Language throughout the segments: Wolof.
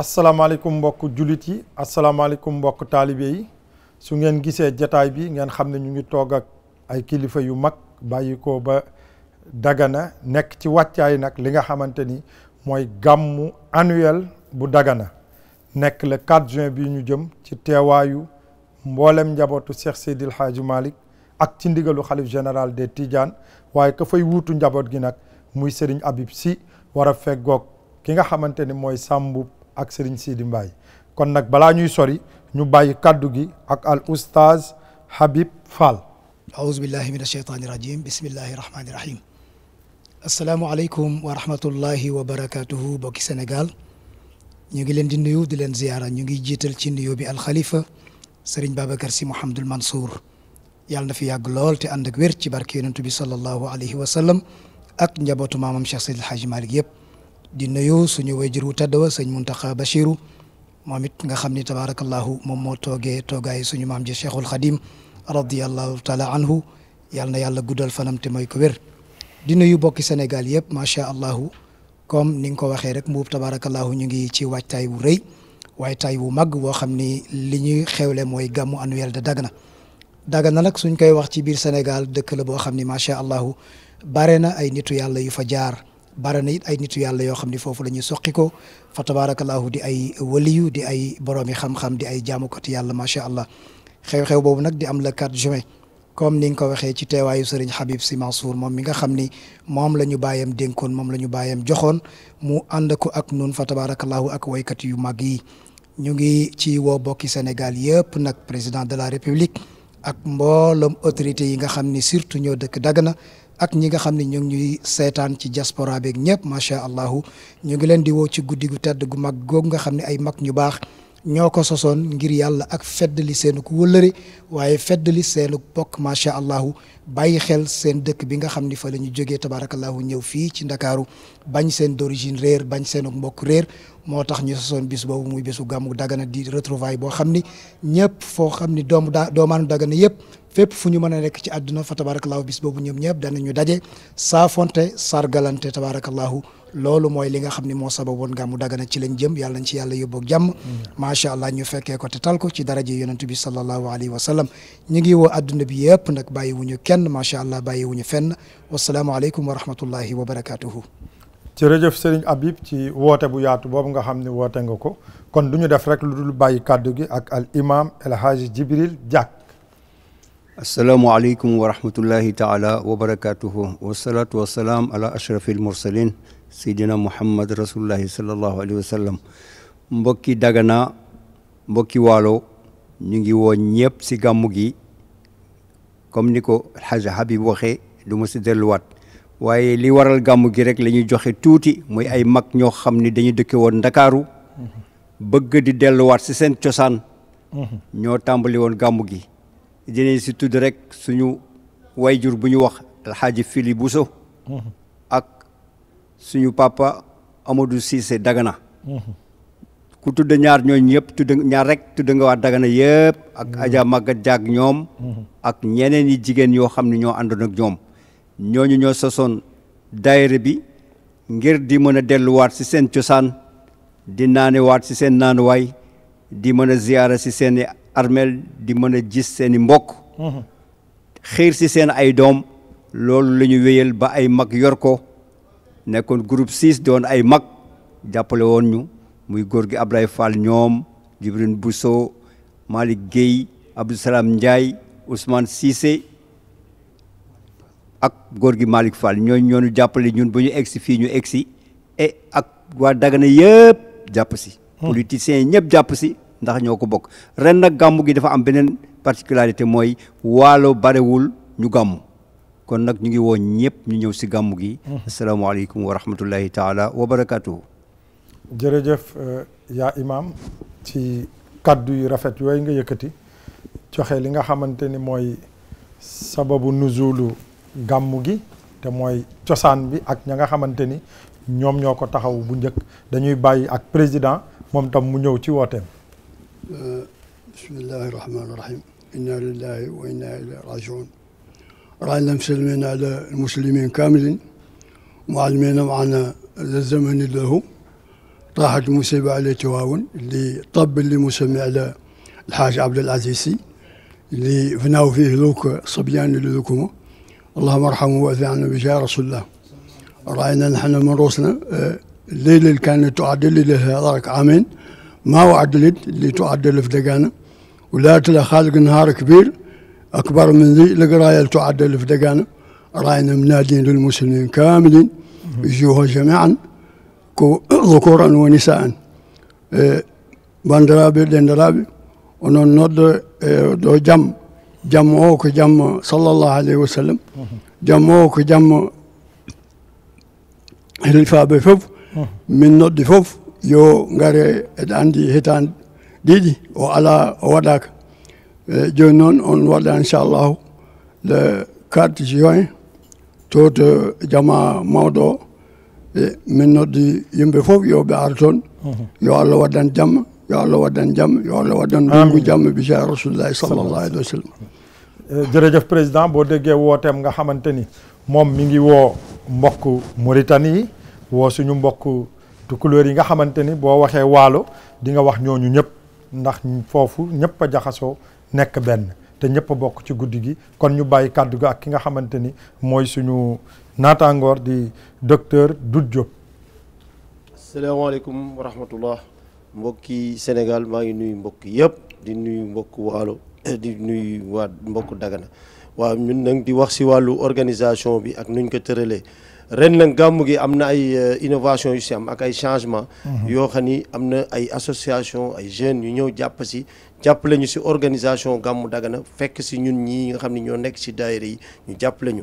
Assalamualaikum mbokk jullit yi asalaamaaleykum mbokk talibé yi su ngeen gisé jotaay bi ngeen xamné ñu ngi toog ak ay kilifa yu mag bayiko ba Dagana nek ci waccay nak li nga xamanteni moy gamu annuel bu Dagana nek le 4 juin bi ñu jëm ci téwaayu mboolem njabotu Cheikh Seydil Hadji malik ak ci ndigalu khalif general de tidiane waye ka fay wutu njabot gi nak muy Serigne abib si wara a ki nga xamanteni moy ak Serigne Sidi Mbaye kon nak bala ñuy sori ñu bàyyi kàddu gi ak al oustaz Habib Fall aouzu billahi minash shaitani rajim bismillahir rahmanir rahim alaykum wa rahmatullahi wa barakatuhu bok Sénégal ñu ngi leen di nuyu di leen ziyara ñu ngi jiital ci nuyu bi khalifa Serigne Babacar Sy Mouhamadul Mansour yàlla na fi yag lol te ànd ak wér ci barke yonentu bi sallallahu alayhi wa sallam ak njabotu mamam Cheikh Seydil Hadji malik yëpp di nuyu suñu wayjur wu tedd wa sëñ muntaha bashiru momit nga xamni ni tabaarakallahu moom moo toogee toogaay suñu mam ji Cheikhul khadim radiyallahu taala anhu yàlla yàlla guddal fanam te mooy ko wér. di nuyu bokk Sénégal ma sha allah comme ning ko waxe rek mbuub tabaarakallahu ñu ngi ci waajtaay wu way tay wu mag woo xamni li ñuy xewle moy gamu annuel de Dagana. Dagana nak suñ koy wax ci bir Sénégal dëkk la bo xamni ma sha allah barena ay nitu yàlla yu fa jaar. bare na it ay nitu yàlla yoo xam ne foofu la ñuy soqi ko fa tabarakallahu di ay waliyu di ay boroomi xam-xam di ay jaamukati yàlla macha allah xew-xew boobu nag di am la 4 juin comme ni nga ko waxee ci teewaayu Serigne Habib Sy Mansour moom mi nga xam ni moom la ñu bàyyam dénkoon moom la ñu bàyyam joxoon mu ànd ko ak nun fa tabarakallahu ak waykat yu mag yi ñu ngi ci woo bokki Sénégal yëpp nag président de la république ak mboolem autorité yi nga xam ni surtout ñoo dëkk Dagana ak ñi nga xam ne ñu ngi ñuy seetaan ci diaspora beeg ñëpp macha allah ñu ngi leen di wow ci guddi gu tedd gu mag googu nga xam ne ay mag ñu baax ñoo ko sosoon ngir yàlla ak feddali seenu ku wëllëre waaye feddali seenu bokk macha allah bàyyi xel seen dëkk bi nga xam ni fa la ñu jógee tabarakallahu ñëw fii ci ndakaaru bañ seen d'origine réer bañ seen mbokk réer moo tax ñu sosoon bis boobu muy bésu gàmmu Dagana di retrouvaille boo xam ni ñëpp foo xam ni doomu daa doomaanu Dagana yëpp fépp fu ñu mën a nekk ci àdduna fa tabarakallahu bis boobu ñoom ñëpp danañu daje saa fonte sargalante tabarakallahu loolu mooy li nga xam ne moo sababoon gàmmu dagana ci lañ jëm yàlla ci yàlla yóbboog jàmm macha allah ñu fekkee ko te tal ko ci daraje yonent bi sallallahu alayhi wa sallam ñu ngi woo àdduna bi yëpp nag bàyyi ñu kenn macha allah bàyyi wuñu fenn wasalaamualeykum wa rahmatullahi wa barakatuhu jërëjëf Serigne Habib ci woote bu yaatu boobu nga xam ne woote nga ko kon du ñu def rek lu dul bàyyi kàddu gi ak al imam El Hadji Jibril Diack السلام عليكم ورحمة الله تعالى وبركاته والصلاة والسلام على أشرف المرسلين سيدنا محمد رسول الله صلى الله عليه وسلم mbokki dagana mbokki waalo ñu ngi woo ñëpp si gàmmu gi comme ni ko Alxaaj Habib waxee du ma si delluwaat waaye li waral gàmmu gi rek la ñuy joxe tuuti muy ay mag ñoo xam ni dañu dëkke woon ndakaaru bëgg di delluwaat si seen cosaan ñoo tàmbali woon gàmmu gi dinañ si tudd rek suñu jur bu ñu wax alxaaji Fili Bousso ak suñu papa Amadou Cissé Dagana ku tudd ñaar ñooñu yëpp tudd ñaar rek tudd nga waa Dagana yëpp ak Adja Maguette Diack ñoom ak ñeneen yi jigéen yoo xam ne ñoo àndoon ak ñoom ñu ñoo sosoon daayira bi ngir di mën a delluwaat si seen cosaan di naanewaat si seen naanuwaay di mën ziyaara si seen armeel di mën a gis seen i mbokk mhm. xiir si seen ay doom loolu lañu ñu ba ay mag yor ko nekkoon group six doon ay mag jàppale woon ñu muy góor gi Ablaye Fall ñoom Djibril Bousso Malick Guèye Abdou Salam Ndiaye Ousmane Cissé ak góor gi Malick Fall ñooñu ñoonu jàppale ñun bu ñu egsi fii ñu egsi et ak waa Dagana yëpp jàpp si mhm. politiciens yi ndax ñoo ko bokk ren nag gàmmu gi dafa am beneen particularité mooy waalo barewul ñu gàmmu kon nag ñu ngi woo ñëpp ñu ñëw si gàmmu gi mhm. asalaamaaleykum wa rahmatullahi taala wa barakatuhu jërëjëf euh, yaa imaam ci kaddu yu rafet yooyu nga yëkkati joxe li nga xamante ni mooy sababu nuzulu gàmmu gi te mooy cosaan bi ak ña nga xamante ni ñoom ñoo ko taxawu bu njëkk dañuy bàyyi ak président moom tam mu ñëw ci wooteem بسم الله الرحمن الرحيم إنا لله وإنا إليه راجعون رأينا مسلمين على المسلمين كاملين معلمين معنا الزمن اللي هو طاحت المصيبة على تواون اللي طب اللي مسمي على الحاج عبد العزيزي اللي فناو فيه ذوك صبيان اللي ذوكم اللهم ارحمه وأذي عنا بجاه رسول الله رأينا نحن من روسنا آه، الليلة اللي كانت تعدل لها ذلك عامين ما وعدلت اللي تعدل في ولا ولات خالق نهار كبير أكبر من ذي القراية اللي تعدل في دقانا راينا منادين للمسلمين كاملين يجوها جميعا ذكورا ونساء إيه، باندرابي دندرابي ونون نود دو إيه، جم جمعوك جم صلى الله عليه وسلم جمعوك جم هلفا بفوف من نود فف yo ngare eɗa andi hitande ɗiɗi o ala o waɗaka e joni noon on waɗa inchallahu le 4 juin to to e, jama mawɗo o e min noddi yimɓe fof yoɓe ar toon yo allah waɗan jamma yo allah waɗan jamma yo allah waɗan ndungu jamma bi cheikh rasulullahi sallallahu alih wa sallam e, jërëjëf président boo déggee wooteem nga xamante ni moom mi ngi woo mbokk Mauritanie yi woo suñu mbokk couleur yi nga xamanteni ni boo walu di nga wax ñooñu ñëpp ndax fofu ñëpp jaxaso nek ben benn te ñëpp bok ci guddigi kon ñu bayyi kaddu ki nga xamanteni ni suñu di docteur dudjo. assalamu alaykum wa rahmatullah mbokki senegal ma ngi nuyu mbokk yëpp di nuyu mbokk walu eh, di nuyu wa mbokk Dagana wa ñun nag di wax ci walu organisation bi ak nuñ ko ren nag gàmmu gi ay euh, innovation yu ci am ak ay changement mhm. yo xani amna ay association ay jeunes yu ñew japp ci japp lañu ci organisation gàmmu Dagana fekk ci ñun ñi nga xamni ño nek ci daire yi ñu japp lañu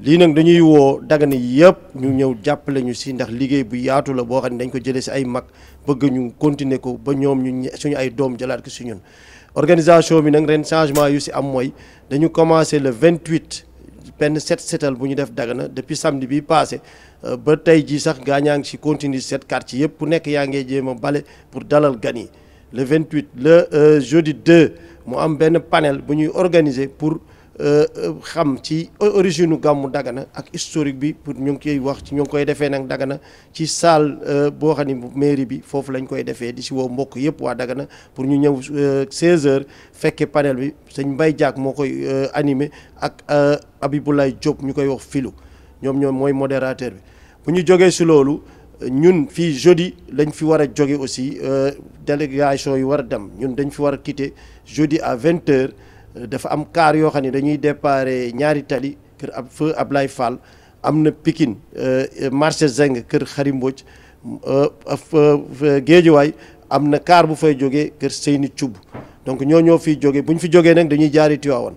li nak dañuy wo Dagana yëpp ñu ñew japp lañu ci ndax liggéey bu yaatu la boo xam dañ ko jëlé ci ay mag bëgg ñu continuer ko ba ñoom ñu suñu ay doom jëlaat ko si ñun organisation bi nak ren changement yu ci am moy dañu commencer le 28 ben set setal bu ñu def Dagana depuis samedi bi passé euh, ba tay ji sax gaa ci continue set quartier yëpp ku nekk yaa ngee jéem a pour dalal gan le 28 le euh, jeudi 2 mu am benn panel bu organiser pour Euh, euh, xam ci origine u gàmmu Dagana ak historique bi pour ñu ngi koy wax ci ñu ngi koy defee nag Dagana ci salle euh, boo xam ne mairie bi foofu lañ koy defee di si woo mbokk yëpp waa Dagana pour ñu ñëw 16h fekkee panel bi sañ Mbaye Diack moo koy anime ak Abiboulaye Diop ñu koy wax Filou ñoom ñoom mooy modérateur bi bu ñu jogee si loolu ñun fii jeudi lañ fi war a jóge aussi délégation yi war a dem ñun dañ fi war a quitter jeudi à 20h. dafa am kaar yoo xam ne dañuy déparé ñaari tali kër ab feu Ablaye Fall am na Pikine euh, marché Zeng kër Xari Mbodj euh, euh, Géejuwaay am na kaar bu fay jógee kër Seyni Thioub donc ñoo ñoo fiy jógee bu ñu fi jógee nag dañuy jaari Tiwaawan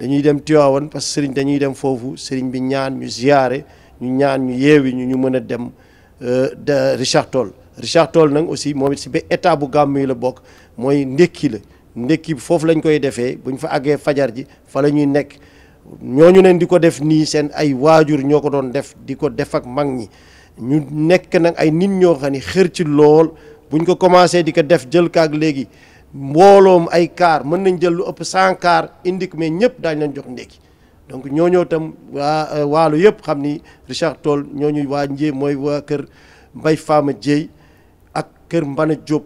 dañuy dem Tiwaawan parce que sëriñ dañuy dem foofu sëriñ bi ñaan ñu ziyaare ñu ñaan ñu yeewi ñu ñu mën a dem de Richard tool Richard Toll nag aussi moom it si ba état bu gàmm yi la bokk mooy ndékki la ndekki foofu lañ koy defee bu ñu fa àggee fajar ji fa la ñuy nekk ñu neen di ko def nii seen ay waajur ñoo ko doon def di ko def ak mag ñi ñu nekk nag ay nit ñoo xam ni xër ci lool buñ ko commencé di ko def jël kaak léegi mbooloom ay kaar mën nañ jël lu ëpp cent kaar indi mais ñëpp daañ leen jox ndekki donc ñoo ñooñoo tam waa euh, waalo yëpp xam ni Richard ñoo ñooñu waa njee mooy waa kër Mbay Faama Jéey ak kër Mbana Diop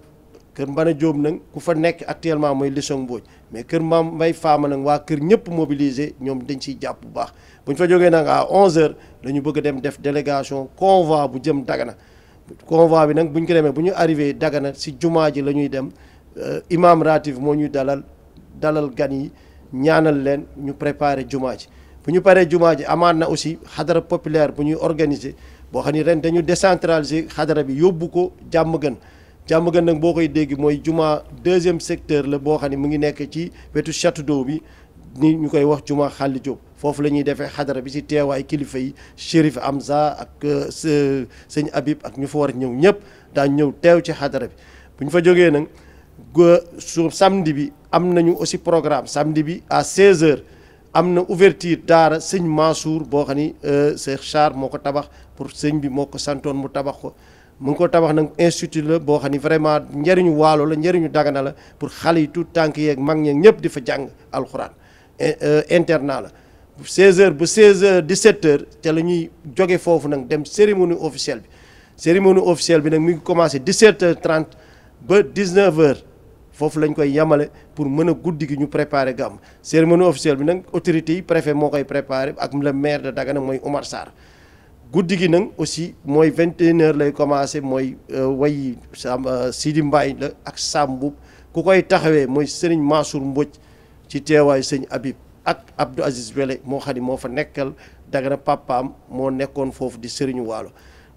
kër Mbana Diop nag ku fa nekk actuellement mooy Lissong Mbodj mais kër Maam Mbay Faama nag waa kër ñëpp mobilisé ñoom dañ siy jàpp bu baax bu ñu fa jógee nag à 11h la bëgg a dem def délégation convoi bu jëm Dagana convoi bi nag bu ñu ko demee bu ñu arriver Dagana si jumaa ji la ñuy dem euh, imam ratif moo ñuy dalal dalal gan yi ñaanal leen ñu préparer jumaa ji bu ñu paree jumaa ji amaat na aussi xadara populaire bu ñuy organiser boo xam ni ren dañu décentraliser xadara bi yóbbu ko jàmm gën jàmm gën nag boo koy dégg mooy juma deuxième secteur la boo xam ne mu ngi nekk ci wetu château d'eau bi ni ñu koy wax juma xàlli Diop foofu la ñuy defee xadara bi ci teewaay kilifa yi am Amza ak euh, sëñ Habib ak ñu fa war ñëw ñëpp daañ ñëw teew ci xadara bi bu ñu fa jógee nag su samedi bi am nañu aussi programme samedi bi à 16h am na ouverture daara sëñ Mansour boo xam ni euh, Cheikh Char moo ko tabax pour sëñ bi moo ko santoon mu tabax ko mu ngi ko tabax nag institut la boo xam ni vraiment njëriñu waalo la njëriñu dagana la pour xale yi tout tànk yeeg mag ñeeg ñëpp di fa jàng alxuraan euh, internat la 16h ba 16h 17h te la ñuy jóge foofu nag dem cérémonie officielle bi cérémonie officielle bi nag mi ngi commencé 17h30 ba 19h foofu lañ koy yamale pour mën a guddi gi ñu préparer gàmm cérémonie officielle bi nag autorité yi préfet moo koy préparer ak le maire de Dagana mooy Omar guddi gi nag aussi mooy vingt et une lay commencé mooy euh, way sam euh, Sidi Mbaye la ak Sam Mboup ku koy taxawee mooy Serigne Mansour Mbodj ci teewaay sëñ Habib ak Abdou Aziz Wele moo xam moo fa nekkal Dagana papaam moo nekkoon foofu di Serigne Waalo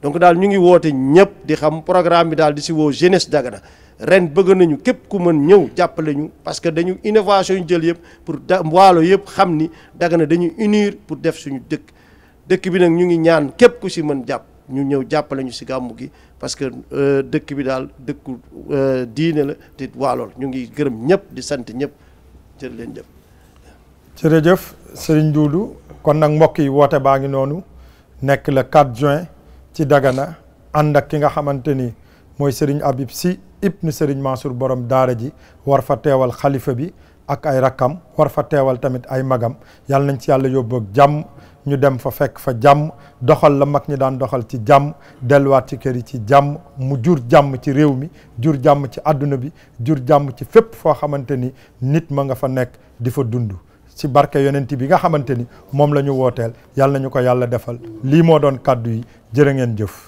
donc daal ñu ngi woote ñëpp di xam programme bi daal di si woo jeunesse Dagana ren bëgg nañu képp ku mën ñëw jàppale ñu parce que dañu innovation yu jël yëpp pour da waalo yëpp xam ni Dagana dañu unir pour def suñu dëkk dekk bi nak ñu ngi ñaan kep ku si mën japp ñu ñew jàppale ñu ci gamu gi parce que euh, dekk bi dekk euh diine la walol ñu ngi gërëm ñëpp di sant ñëpp jër leen jëf jëf sëriñ Doudou kon nak mbokk yi woote baangi nonu nek le 4 juin ci Dagana and ak ki nga xamanteni moy sëriñ Habib ibnu Mansour borom daara ji war fa téwal khalifa bi ak ay rakkam war fa teewal tamit ay magam yàlla nañ ci yàlla yóbbu ak jàmm ñu dem fa fekk fa jàmm doxal la mag ñu daan doxal ci jàmm delluwaat ci kër yi ci jàmm mu jur jàmm ci réew mi jur jàmm ci àdduna bi jur jàmm ci fépp foo xamante ni nit ma nga fa nekk di fa dund ci barke yonent bi nga xamante ni moom la ñu wooteel yàlla ñu ko yàlla defal lii moo doon kàddu yi jërë ngeen jëf